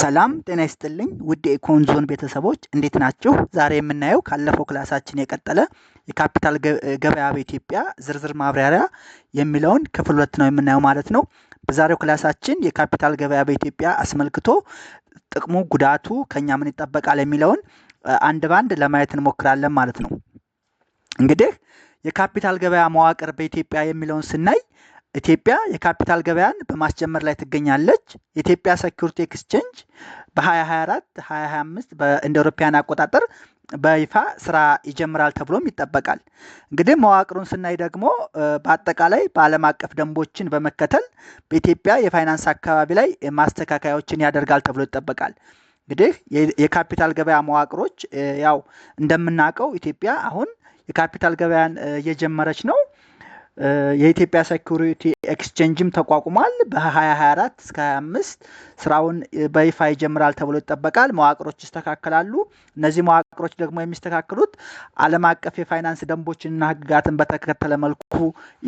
ሰላም ጤና ይስጥልኝ ውድ የኢኮን ዞን ቤተሰቦች እንዴት ናችሁ? ዛሬ የምናየው ካለፈው ክላሳችን የቀጠለ የካፒታል ገበያ በኢትዮጵያ ዝርዝር ማብራሪያ የሚለውን ክፍል ሁለት ነው የምናየው ማለት ነው። በዛሬው ክላሳችን የካፒታል ገበያ በኢትዮጵያ አስመልክቶ ጥቅሙ፣ ጉዳቱ፣ ከኛ ምን ይጠበቃል የሚለውን አንድ ባንድ ለማየት እንሞክራለን ማለት ነው። እንግዲህ የካፒታል ገበያ መዋቅር በኢትዮጵያ የሚለውን ስናይ ኢትዮጵያ የካፒታል ገበያን በማስጀመር ላይ ትገኛለች። የኢትዮጵያ ሴኩሪቲ ኤክስቼንጅ በ2024 2025 እንደ አውሮፓውያን አቆጣጠር በይፋ ስራ ይጀምራል ተብሎም ይጠበቃል። እንግዲህ መዋቅሩን ስናይ ደግሞ በአጠቃላይ በዓለም አቀፍ ደንቦችን በመከተል በኢትዮጵያ የፋይናንስ አካባቢ ላይ ማስተካከያዎችን ያደርጋል ተብሎ ይጠበቃል። እንግዲህ የካፒታል ገበያ መዋቅሮች ያው እንደምናውቀው ኢትዮጵያ አሁን የካፒታል ገበያን እየጀመረች ነው። የኢትዮጵያ ሴኩሪቲ ኤክስቼንጅም ተቋቁሟል። በ2024 እስከ 25 ስራውን በይፋ ይጀምራል ተብሎ ይጠበቃል። መዋቅሮች ይስተካከላሉ። እነዚህ መዋቅሮች ደግሞ የሚስተካከሉት ዓለም አቀፍ የፋይናንስ ደንቦችንና ህግጋትን በተከተለ መልኩ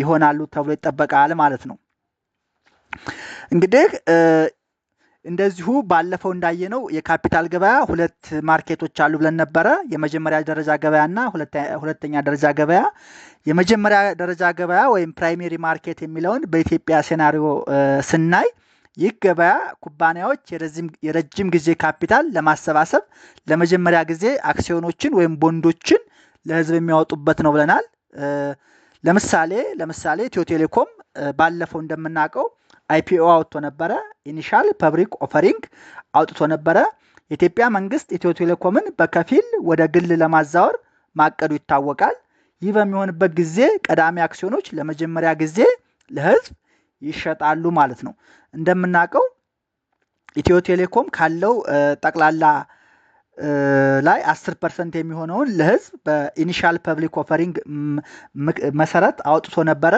ይሆናሉ ተብሎ ይጠበቃል ማለት ነው። እንግዲህ እንደዚሁ ባለፈው እንዳየነው የካፒታል ገበያ ሁለት ማርኬቶች አሉ ብለን ነበረ። የመጀመሪያ ደረጃ ገበያና ሁለተኛ ደረጃ ገበያ የመጀመሪያ ደረጃ ገበያ ወይም ፕራይሜሪ ማርኬት የሚለውን በኢትዮጵያ ሴናሪዮ ስናይ ይህ ገበያ ኩባንያዎች የረጅም ጊዜ ካፒታል ለማሰባሰብ ለመጀመሪያ ጊዜ አክሲዮኖችን ወይም ቦንዶችን ለህዝብ የሚያወጡበት ነው ብለናል። ለምሳሌ ለምሳሌ ኢትዮ ቴሌኮም ባለፈው እንደምናውቀው አይፒኦ አውጥቶ ነበረ። ኢኒሻል ፐብሪክ ኦፈሪንግ አውጥቶ ነበረ። የኢትዮጵያ መንግስት ኢትዮ ቴሌኮምን በከፊል ወደ ግል ለማዛወር ማቀዱ ይታወቃል። ይህ በሚሆንበት ጊዜ ቀዳሚ አክሲዮኖች ለመጀመሪያ ጊዜ ለህዝብ ይሸጣሉ ማለት ነው። እንደምናውቀው ኢትዮ ቴሌኮም ካለው ጠቅላላ ላይ 10 ፐርሰንት የሚሆነውን ለህዝብ በኢኒሻል ፐብሊክ ኦፈሪንግ መሰረት አውጥቶ ነበረ።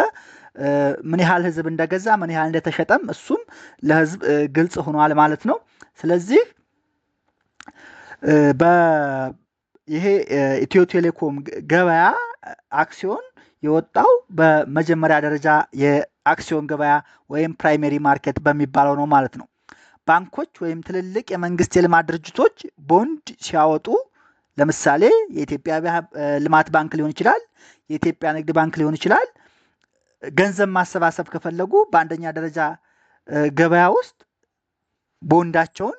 ምን ያህል ህዝብ እንደገዛ ምን ያህል እንደተሸጠም እሱም ለህዝብ ግልጽ ሆኗል ማለት ነው። ስለዚህ ይሄ ኢትዮ ቴሌኮም ገበያ አክሲዮን የወጣው በመጀመሪያ ደረጃ የአክሲዮን ገበያ ወይም ፕራይሜሪ ማርኬት በሚባለው ነው ማለት ነው። ባንኮች ወይም ትልልቅ የመንግስት የልማት ድርጅቶች ቦንድ ሲያወጡ ለምሳሌ የኢትዮጵያ ልማት ባንክ ሊሆን ይችላል፣ የኢትዮጵያ ንግድ ባንክ ሊሆን ይችላል። ገንዘብ ማሰባሰብ ከፈለጉ በአንደኛ ደረጃ ገበያ ውስጥ ቦንዳቸውን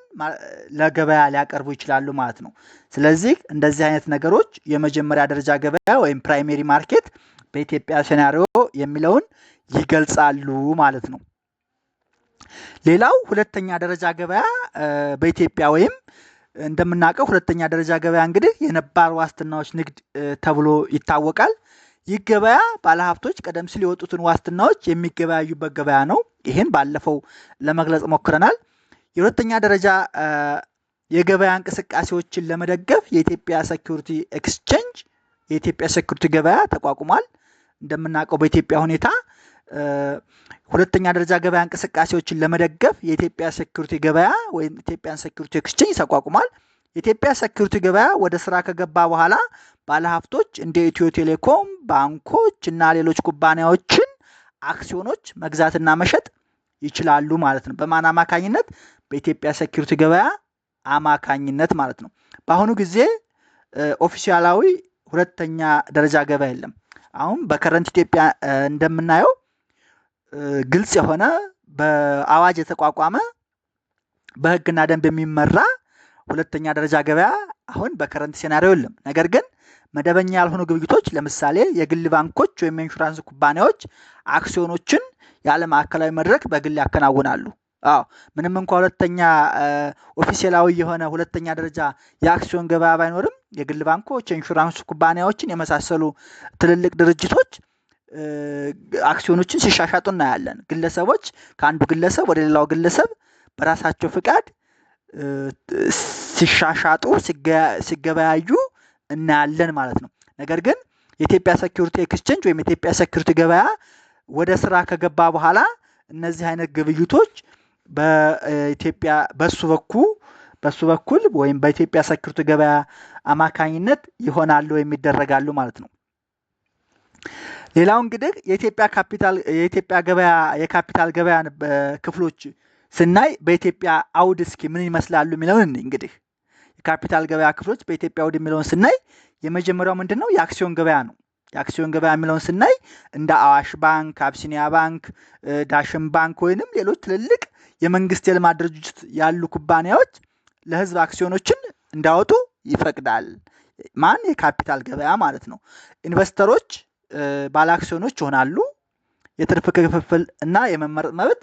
ለገበያ ሊያቀርቡ ይችላሉ ማለት ነው። ስለዚህ እንደዚህ አይነት ነገሮች የመጀመሪያ ደረጃ ገበያ ወይም ፕራይሜሪ ማርኬት በኢትዮጵያ ሴናሪዮ የሚለውን ይገልጻሉ ማለት ነው። ሌላው ሁለተኛ ደረጃ ገበያ በኢትዮጵያ ወይም እንደምናውቀው ሁለተኛ ደረጃ ገበያ እንግዲህ የነባር ዋስትናዎች ንግድ ተብሎ ይታወቃል። ይህ ገበያ ባለሀብቶች ቀደም ሲል የወጡትን ዋስትናዎች የሚገበያዩበት ገበያ ነው። ይህን ባለፈው ለመግለጽ ሞክረናል። የሁለተኛ ደረጃ የገበያ እንቅስቃሴዎችን ለመደገፍ የኢትዮጵያ ሴኩሪቲ ኤክስቼንጅ የኢትዮጵያ ሴኩሪቲ ገበያ ተቋቁሟል። እንደምናውቀው በኢትዮጵያ ሁኔታ ሁለተኛ ደረጃ ገበያ እንቅስቃሴዎችን ለመደገፍ የኢትዮጵያ ሴኩሪቲ ገበያ ወይም ኢትዮጵያን ሴኩሪቲ ኤክስቼንጅ ተቋቁሟል። የኢትዮጵያ ሴኩሪቲ ገበያ ወደ ስራ ከገባ በኋላ ባለሀብቶች እንደ ኢትዮ ቴሌኮም፣ ባንኮች እና ሌሎች ኩባንያዎችን አክሲዮኖች መግዛትና መሸጥ ይችላሉ ማለት ነው። በማን አማካኝነት? በኢትዮጵያ ሴኪሪቲ ገበያ አማካኝነት ማለት ነው። በአሁኑ ጊዜ ኦፊሻላዊ ሁለተኛ ደረጃ ገበያ የለም። አሁን በከረንት ኢትዮጵያ እንደምናየው ግልጽ የሆነ በአዋጅ የተቋቋመ በህግና ደንብ የሚመራ ሁለተኛ ደረጃ ገበያ አሁን በከረንት ሴናሪዮ የለም። ነገር ግን መደበኛ ያልሆኑ ግብይቶች ለምሳሌ የግል ባንኮች ወይም የኢንሹራንስ ኩባንያዎች አክሲዮኖችን ያለ ማዕከላዊ መድረክ በግል ያከናውናሉ። አዎ ምንም እንኳ ሁለተኛ ኦፊሴላዊ የሆነ ሁለተኛ ደረጃ የአክሲዮን ገበያ ባይኖርም የግል ባንኮች የኢንሹራንስ ኩባንያዎችን የመሳሰሉ ትልልቅ ድርጅቶች አክሲዮኖችን ሲሻሻጡ እናያለን። ግለሰቦች ከአንዱ ግለሰብ ወደ ሌላው ግለሰብ በራሳቸው ፍቃድ ሲሻሻጡ ሲገበያዩ እናያለን ማለት ነው። ነገር ግን የኢትዮጵያ ሴኪሪቲ ኤክስቼንጅ ወይም የኢትዮጵያ ሴኪሪቲ ገበያ ወደ ስራ ከገባ በኋላ እነዚህ አይነት ግብይቶች በኢትዮጵያ በሱ በኩል በሱ በኩል ወይም በኢትዮጵያ ሰኪሪቲ ገበያ አማካኝነት ይሆናሉ ወይም ይደረጋሉ ማለት ነው። ሌላው እንግዲህ የኢትዮጵያ ካፒታል የኢትዮጵያ ገበያ የካፒታል ገበያ ክፍሎች ስናይ በኢትዮጵያ አውድ እስኪ ምን ይመስላሉ የሚለውን እንግዲህ የካፒታል ገበያ ክፍሎች በኢትዮጵያ አውድ የሚለውን ስናይ የመጀመሪያው ምንድን ነው? የአክሲዮን ገበያ ነው። የአክሲዮን ገበያ የሚለውን ስናይ እንደ አዋሽ ባንክ፣ አብሲኒያ ባንክ፣ ዳሽን ባንክ ወይንም ሌሎች ትልልቅ የመንግስት የልማት ድርጅት ያሉ ኩባንያዎች ለህዝብ አክሲዮኖችን እንዳወጡ ይፈቅዳል። ማን የካፒታል ገበያ ማለት ነው። ኢንቨስተሮች ባለ አክሲዮኖች ይሆናሉ። የትርፍ ክፍፍል እና የመመረጥ መብት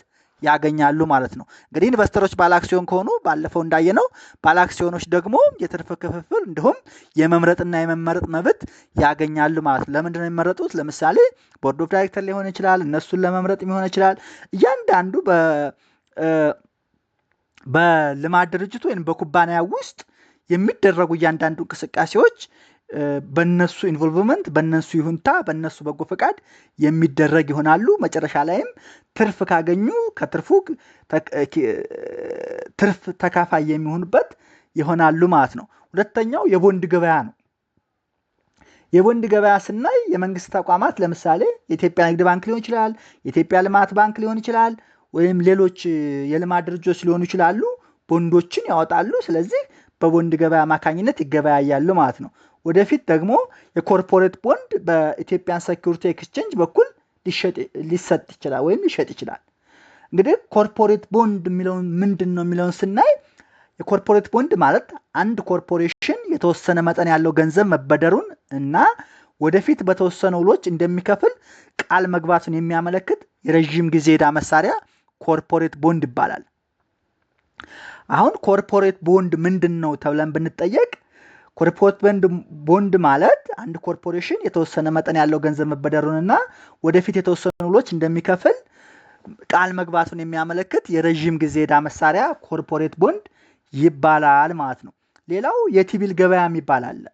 ያገኛሉ ማለት ነው። እንግዲህ ኢንቨስተሮች አክሲዮን ከሆኑ ባለፈው እንዳየነው ባለአክሲዮኖች ደግሞ የትርፍ ክፍፍል እንዲሁም የመምረጥና የመመረጥ መብት ያገኛሉ ማለት ነው። ለምንድ ነው የሚመረጡት? ለምሳሌ ቦርድ ኦፍ ዳይሬክተር ሊሆን ይችላል፣ እነሱን ለመምረጥ ሊሆን ይችላል። እያንዳንዱ በልማት ድርጅት ወይም በኩባንያ ውስጥ የሚደረጉ እያንዳንዱ እንቅስቃሴዎች በነሱ ኢንቮልቭመንት በነሱ ይሁንታ በነሱ በጎ ፈቃድ የሚደረግ ይሆናሉ። መጨረሻ ላይም ትርፍ ካገኙ ከትርፉ ትርፍ ተካፋይ የሚሆኑበት ይሆናሉ ማለት ነው። ሁለተኛው የቦንድ ገበያ ነው። የቦንድ ገበያ ስናይ የመንግስት ተቋማት ለምሳሌ የኢትዮጵያ ንግድ ባንክ ሊሆን ይችላል፣ የኢትዮጵያ ልማት ባንክ ሊሆን ይችላል፣ ወይም ሌሎች የልማት ድርጅቶች ሊሆኑ ይችላሉ ቦንዶችን ያወጣሉ። ስለዚህ በቦንድ ገበያ አማካኝነት ይገበያያሉ ማለት ነው። ወደፊት ደግሞ የኮርፖሬት ቦንድ በኢትዮጵያን ሴኩሪቲ ኤክስቼንጅ በኩል ሊሰጥ ይችላል ወይም ሊሸጥ ይችላል። እንግዲህ ኮርፖሬት ቦንድ የሚለውን ምንድን ነው የሚለውን ስናይ የኮርፖሬት ቦንድ ማለት አንድ ኮርፖሬሽን የተወሰነ መጠን ያለው ገንዘብ መበደሩን እና ወደፊት በተወሰነ ውሎች እንደሚከፍል ቃል መግባቱን የሚያመለክት የረዥም ጊዜ ዳ መሳሪያ ኮርፖሬት ቦንድ ይባላል። አሁን ኮርፖሬት ቦንድ ምንድን ነው ተብለን ብንጠየቅ ኮርፖሬት ቦንድ ማለት አንድ ኮርፖሬሽን የተወሰነ መጠን ያለው ገንዘብ መበደሩንና ወደፊት የተወሰኑ ውሎች እንደሚከፍል ቃል መግባቱን የሚያመለክት የረዥም ጊዜ ዳ መሳሪያ ኮርፖሬት ቦንድ ይባላል ማለት ነው። ሌላው የቲቢል ገበያ የሚባል አለ።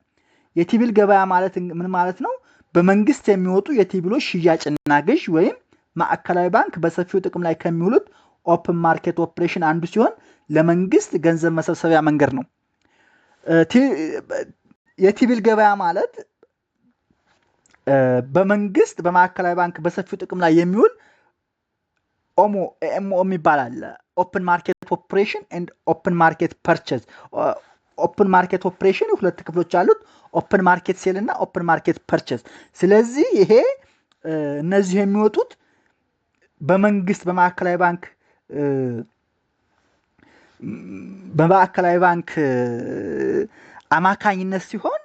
የቲቢል ገበያ ማለት ምን ማለት ነው? በመንግስት የሚወጡ የቲቢሎች ሽያጭና ግዥ ወይም ማዕከላዊ ባንክ በሰፊው ጥቅም ላይ ከሚውሉት ኦፕን ማርኬት ኦፕሬሽን አንዱ ሲሆን ለመንግስት ገንዘብ መሰብሰቢያ መንገድ ነው። የቲቪል ገበያ ማለት በመንግስት በማዕከላዊ ባንክ በሰፊው ጥቅም ላይ የሚውል ኦሞ ኤምኦ የሚባል ኦፕን ማርኬት ኦፕሬሽን ኤንድ ኦፕን ማርኬት ፐርቸዝ። ኦፕን ማርኬት ኦፕሬሽን ሁለት ክፍሎች አሉት፣ ኦፕን ማርኬት ሴል እና ኦፕን ማርኬት ፐርቸዝ። ስለዚህ ይሄ እነዚህ የሚወጡት በመንግስት በማዕከላዊ ባንክ በማዕከላዊ ባንክ አማካኝነት ሲሆን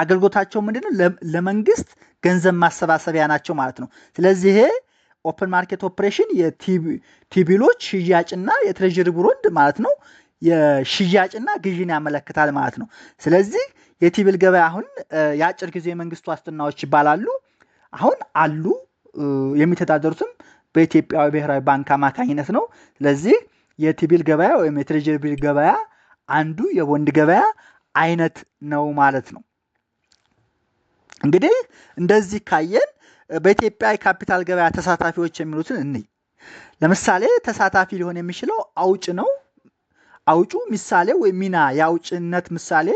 አገልግሎታቸው ምንድነው? ለመንግስት ገንዘብ ማሰባሰቢያ ናቸው ማለት ነው። ስለዚህ ይሄ ኦፕን ማርኬት ኦፕሬሽን የቲቢሎች ሽያጭና የትሬዥሪ ቦንድ ማለት ነው የሽያጭና ግዥን ያመለክታል ማለት ነው። ስለዚህ የቲቢል ገበያ አሁን የአጭር ጊዜ የመንግስት ዋስትናዎች ይባላሉ። አሁን አሉ የሚተዳደሩትም በኢትዮጵያ ብሔራዊ ባንክ አማካኝነት ነው። ስለዚህ የቲቢል ገበያ ወይም የትሬጀሪ ቢል ገበያ አንዱ የቦንድ ገበያ አይነት ነው ማለት ነው። እንግዲህ እንደዚህ ካየን በኢትዮጵያ የካፒታል ገበያ ተሳታፊዎች የሚሉትን እንይ። ለምሳሌ ተሳታፊ ሊሆን የሚችለው አውጭ ነው። አውጩ ምሳሌ ወይም ሚና የአውጭነት ምሳሌ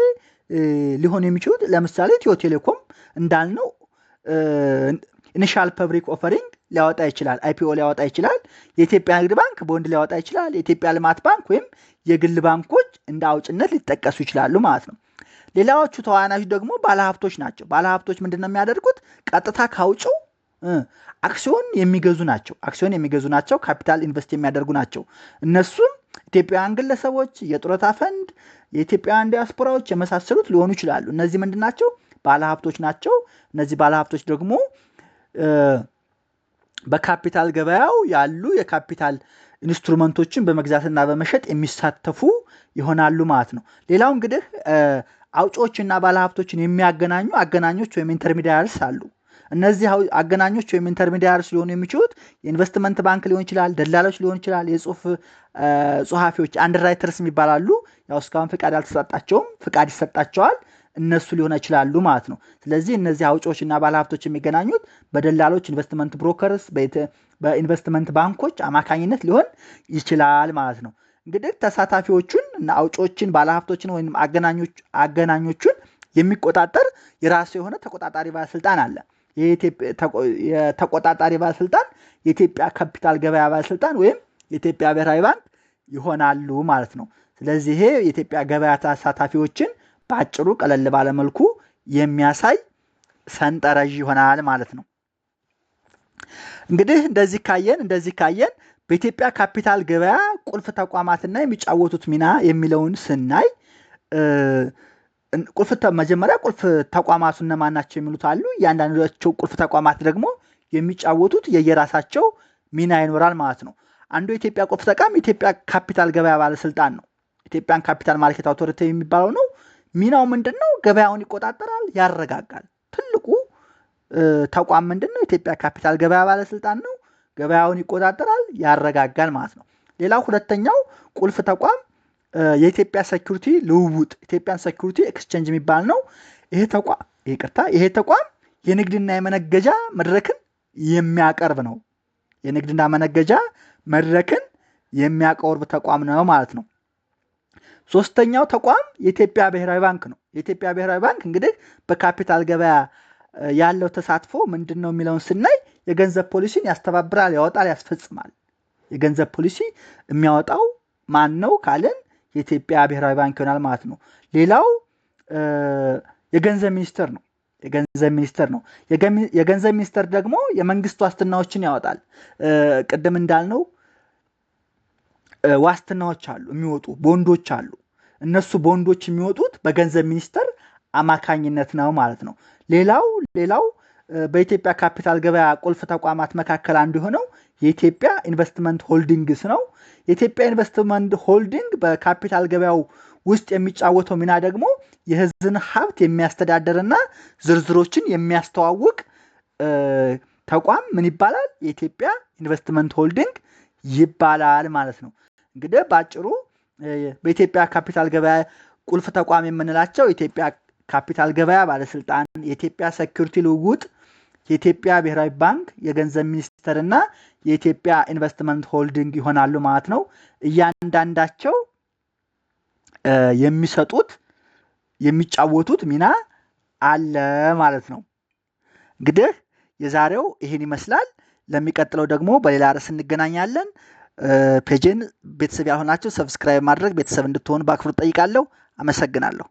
ሊሆን የሚችሉት ለምሳሌ ኢትዮ ቴሌኮም እንዳልነው ኢኒሻል ፐብሊክ ኦፈሪንግ ሊያወጣ ይችላል። አይፒኦ ሊያወጣ ይችላል። የኢትዮጵያ ንግድ ባንክ በወንድ ሊያወጣ ይችላል። የኢትዮጵያ ልማት ባንክ ወይም የግል ባንኮች እንደ አውጭነት ሊጠቀሱ ይችላሉ ማለት ነው። ሌላዎቹ ተዋናዮች ደግሞ ባለሀብቶች ናቸው። ባለሀብቶች ምንድን ነው የሚያደርጉት? ቀጥታ ካውጭው አክሲዮን የሚገዙ ናቸው። አክሲዮን የሚገዙ ናቸው። ካፒታል ኢንቨስት የሚያደርጉ ናቸው። እነሱም ኢትዮጵያውያን ግለሰቦች፣ የጡረታ ፈንድ፣ የኢትዮጵያውያን ዲያስፖራዎች የመሳሰሉት ሊሆኑ ይችላሉ። እነዚህ ምንድን ናቸው? ባለሀብቶች ናቸው። እነዚህ ባለሀብቶች ደግሞ በካፒታል ገበያው ያሉ የካፒታል ኢንስትሩመንቶችን በመግዛትና በመሸጥ የሚሳተፉ ይሆናሉ ማለት ነው። ሌላው እንግዲህ አውጪዎችና ባለሀብቶችን የሚያገናኙ አገናኞች ወይም ኢንተርሚዲያርስ አሉ። እነዚህ አገናኞች ወይም ኢንተርሚዲያርስ ሊሆኑ የሚችሉት የኢንቨስትመንት ባንክ ሊሆን ይችላል፣ ደላሎች ሊሆን ይችላል፣ የጽሁፍ ጸሐፊዎች አንደርራይተርስ የሚባላሉ። ያው እስካሁን ፍቃድ አልተሰጣቸውም፣ ፍቃድ ይሰጣቸዋል። እነሱ ሊሆነ ይችላሉ ማለት ነው። ስለዚህ እነዚህ አውጪዎች እና ባለሀብቶች የሚገናኙት በደላሎች፣ ኢንቨስትመንት ብሮከርስ፣ በኢንቨስትመንት ባንኮች አማካኝነት ሊሆን ይችላል ማለት ነው። እንግዲህ ተሳታፊዎቹን እና አውጪዎችን፣ ባለሀብቶችን ወይም አገናኞቹን የሚቆጣጠር የራሱ የሆነ ተቆጣጣሪ ባለስልጣን አለ። የተቆጣጣሪ ባለስልጣን የኢትዮጵያ ካፒታል ገበያ ባለስልጣን ወይም የኢትዮጵያ ብሔራዊ ባንክ ይሆናሉ ማለት ነው። ስለዚህ ይሄ የኢትዮጵያ ገበያ ተሳታፊዎችን በአጭሩ ቀለል ባለመልኩ የሚያሳይ ሰንጠረዥ ይሆናል ማለት ነው። እንግዲህ እንደዚህ ካየን እንደዚህ ካየን በኢትዮጵያ ካፒታል ገበያ ቁልፍ ተቋማትና የሚጫወቱት ሚና የሚለውን ስናይ ቁልፍ መጀመሪያ ቁልፍ ተቋማቱ እነማን ናቸው የሚሉት አሉ። እያንዳንዳቸው ቁልፍ ተቋማት ደግሞ የሚጫወቱት የየራሳቸው ሚና ይኖራል ማለት ነው። አንዱ የኢትዮጵያ ቁልፍ ተቋም የኢትዮጵያ ካፒታል ገበያ ባለስልጣን ነው። ኢትዮጵያን ካፒታል ማርኬት አውቶሪቲ የሚባለው ነው። ሚናው ምንድን ነው? ገበያውን ይቆጣጠራል፣ ያረጋጋል። ትልቁ ተቋም ምንድን ነው? ኢትዮጵያ ካፒታል ገበያ ባለስልጣን ነው። ገበያውን ይቆጣጠራል፣ ያረጋጋል ማለት ነው። ሌላ ሁለተኛው ቁልፍ ተቋም የኢትዮጵያ ሰኪሪቲ ልውውጥ ኢትዮጵያን ሰኪሪቲ ኤክስቼንጅ የሚባል ነው። ይሄ ተቋም ይቅርታ፣ ይሄ ተቋም የንግድና የመነገጃ መድረክን የሚያቀርብ ነው። የንግድና መነገጃ መድረክን የሚያቀርብ ተቋም ነው ማለት ነው። ሶስተኛው ተቋም የኢትዮጵያ ብሔራዊ ባንክ ነው። የኢትዮጵያ ብሔራዊ ባንክ እንግዲህ በካፒታል ገበያ ያለው ተሳትፎ ምንድን ነው የሚለውን ስናይ የገንዘብ ፖሊሲን ያስተባብራል፣ ያወጣል፣ ያስፈጽማል። የገንዘብ ፖሊሲ የሚያወጣው ማን ነው ካልን የኢትዮጵያ ብሔራዊ ባንክ ይሆናል ማለት ነው። ሌላው የገንዘብ ሚኒስቴር ነው። የገንዘብ ሚኒስቴር ነው። የገንዘብ ሚኒስቴር ደግሞ የመንግስት ዋስትናዎችን ያወጣል። ቅድም እንዳልነው ዋስትናዎች አሉ የሚወጡ ቦንዶች አሉ። እነሱ ቦንዶች የሚወጡት በገንዘብ ሚኒስተር አማካኝነት ነው ማለት ነው። ሌላው ሌላው በኢትዮጵያ ካፒታል ገበያ ቁልፍ ተቋማት መካከል አንዱ የሆነው የኢትዮጵያ ኢንቨስትመንት ሆልዲንግስ ነው። የኢትዮጵያ ኢንቨስትመንት ሆልዲንግ በካፒታል ገበያው ውስጥ የሚጫወተው ሚና ደግሞ የህዝን ሀብት የሚያስተዳደርና ዝርዝሮችን የሚያስተዋውቅ ተቋም ምን ይባላል? የኢትዮጵያ ኢንቨስትመንት ሆልዲንግ ይባላል ማለት ነው። እንግዲህ በአጭሩ በኢትዮጵያ ካፒታል ገበያ ቁልፍ ተቋም የምንላቸው ኢትዮጵያ ካፒታል ገበያ ባለስልጣን፣ የኢትዮጵያ ሴኩሪቲ ልውውጥ፣ የኢትዮጵያ ብሔራዊ ባንክ፣ የገንዘብ ሚኒስቴር እና የኢትዮጵያ ኢንቨስትመንት ሆልዲንግ ይሆናሉ ማለት ነው። እያንዳንዳቸው የሚሰጡት የሚጫወቱት ሚና አለ ማለት ነው። እንግዲህ የዛሬው ይህን ይመስላል። ለሚቀጥለው ደግሞ በሌላ ርዕስ እንገናኛለን። ፔጅን ቤተሰብ ያልሆናችሁ ሰብስክራይብ ማድረግ ቤተሰብ እንድትሆኑ በአክብሮት ጠይቃለሁ። አመሰግናለሁ።